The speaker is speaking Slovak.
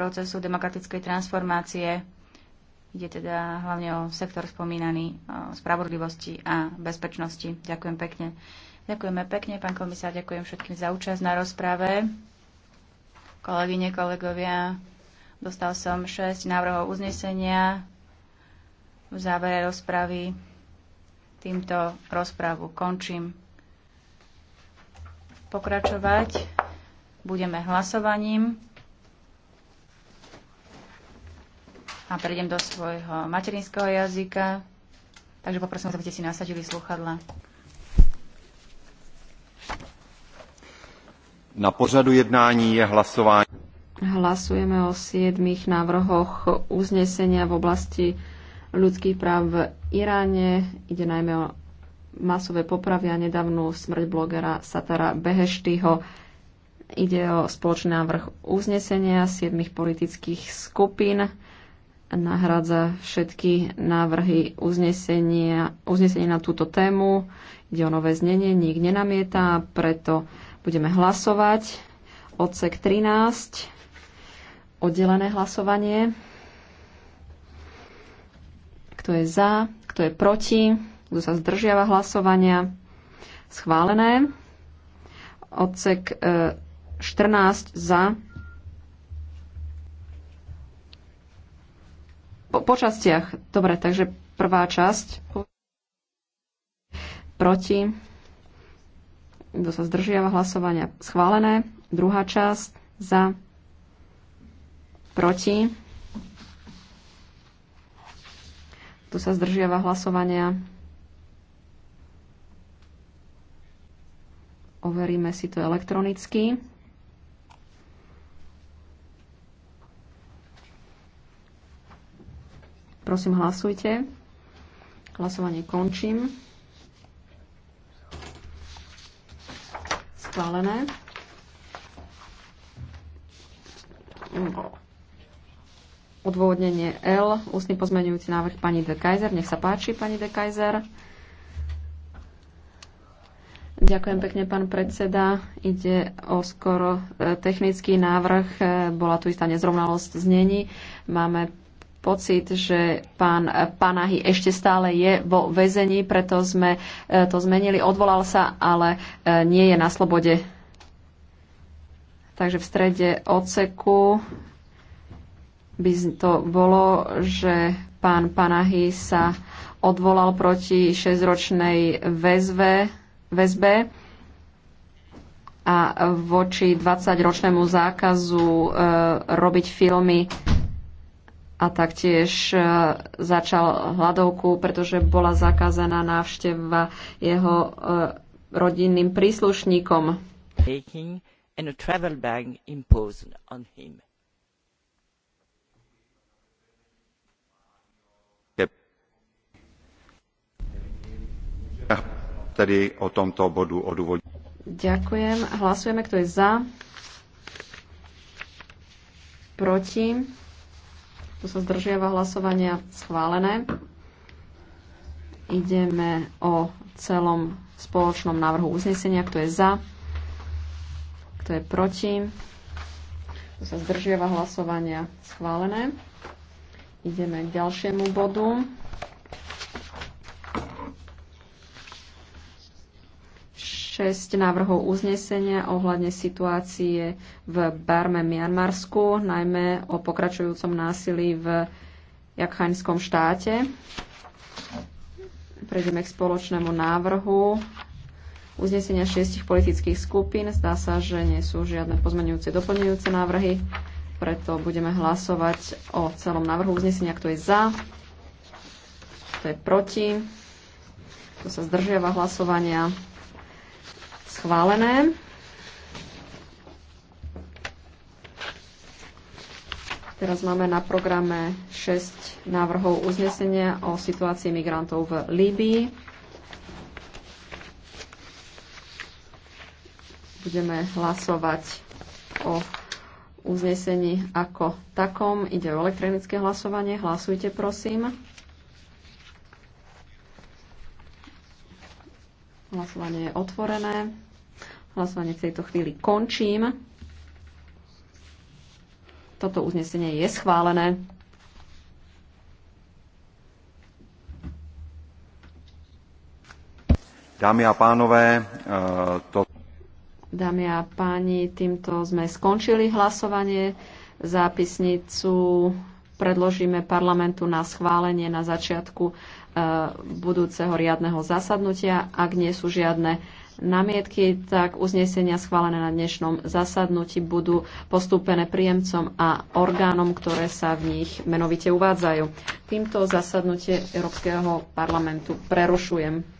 procesu demokratickej transformácie. Ide teda hlavne o sektor spomínaný o spravodlivosti a bezpečnosti. Ďakujem pekne. Ďakujeme pekne, pán komisár, ďakujem všetkým za účasť na rozprave. Kolegyne, kolegovia, dostal som 6 návrhov uznesenia v závere rozpravy. Týmto rozpravu končím. Pokračovať budeme hlasovaním. a prejdem do svojho materinského jazyka. Takže poprosím aby ste si nasadili sluchadla. Na pořadu jednání je hlasování. Hlasujeme o siedmých návrhoch uznesenia v oblasti ľudských práv v Iráne. Ide najmä o masové popravy a nedávnu smrť blogera Satara Beheštyho. Ide o spoločný návrh uznesenia siedmých politických skupín nahrádza všetky návrhy uznesenia, uznesenia na túto tému. Ide o nové znenie, nik nenamieta, preto budeme hlasovať. Odsek 13, oddelené hlasovanie. Kto je za, kto je proti, kto sa zdržiava hlasovania. Schválené. Odsek 14 e, za, po, po častiach. Dobre, takže prvá časť. Proti. Kto sa zdržiava hlasovania? Schválené. Druhá časť. Za. Proti. Kto sa zdržiava hlasovania? Overíme si to elektronicky. Prosím, hlasujte. Hlasovanie končím. Schválené. Odôvodnenie L, ústny pozmeňujúci návrh pani De Kaiser. Nech sa páči, pani De Kaiser. Ďakujem pekne, pán predseda. Ide o skoro e, technický návrh. E, bola tu istá nezrovnalosť znení. Máme pocit, že pán Panahy ešte stále je vo väzení, preto sme e, to zmenili. Odvolal sa, ale e, nie je na slobode. Takže v strede odseku by to bolo, že pán Panahy sa odvolal proti 6-ročnej väzve, väzbe a voči 20-ročnému zákazu e, robiť filmy a taktiež e, začal hladovku, pretože bola zakázaná návšteva jeho e, rodinným príslušníkom. Tedy o tomto bodu odůvodní. Ďakujem. Hlasujeme, kto je za. Proti. Kto sa zdržiava hlasovania? Schválené. Ideme o celom spoločnom návrhu uznesenia. Kto je za? Kto je proti? Kto sa zdržiava hlasovania? Schválené. Ideme k ďalšiemu bodu. 6 návrhov uznesenia ohľadne situácie v Barme Mianmarsku, najmä o pokračujúcom násilí v Jakhaňskom štáte. Prejdeme k spoločnému návrhu uznesenia šiestich politických skupín. Zdá sa, že nie sú žiadne pozmenujúce, doplňujúce návrhy, preto budeme hlasovať o celom návrhu uznesenia, kto je za, kto je proti, kto sa zdržiava hlasovania schválené. Teraz máme na programe 6 návrhov uznesenia o situácii migrantov v Líbii. Budeme hlasovať o uznesení ako takom. Ide o elektronické hlasovanie. Hlasujte, prosím. Hlasovanie je otvorené. Hlasovanie v tejto chvíli končím. Toto uznesenie je schválené. Dámy a pánové, e, to... Dámy a páni, týmto sme skončili hlasovanie. Zápisnicu predložíme parlamentu na schválenie na začiatku e, budúceho riadneho zasadnutia. Ak nie sú žiadne namietky, tak uznesenia schválené na dnešnom zasadnutí budú postúpené príjemcom a orgánom, ktoré sa v nich menovite uvádzajú. Týmto zasadnutie Európskeho parlamentu prerušujem.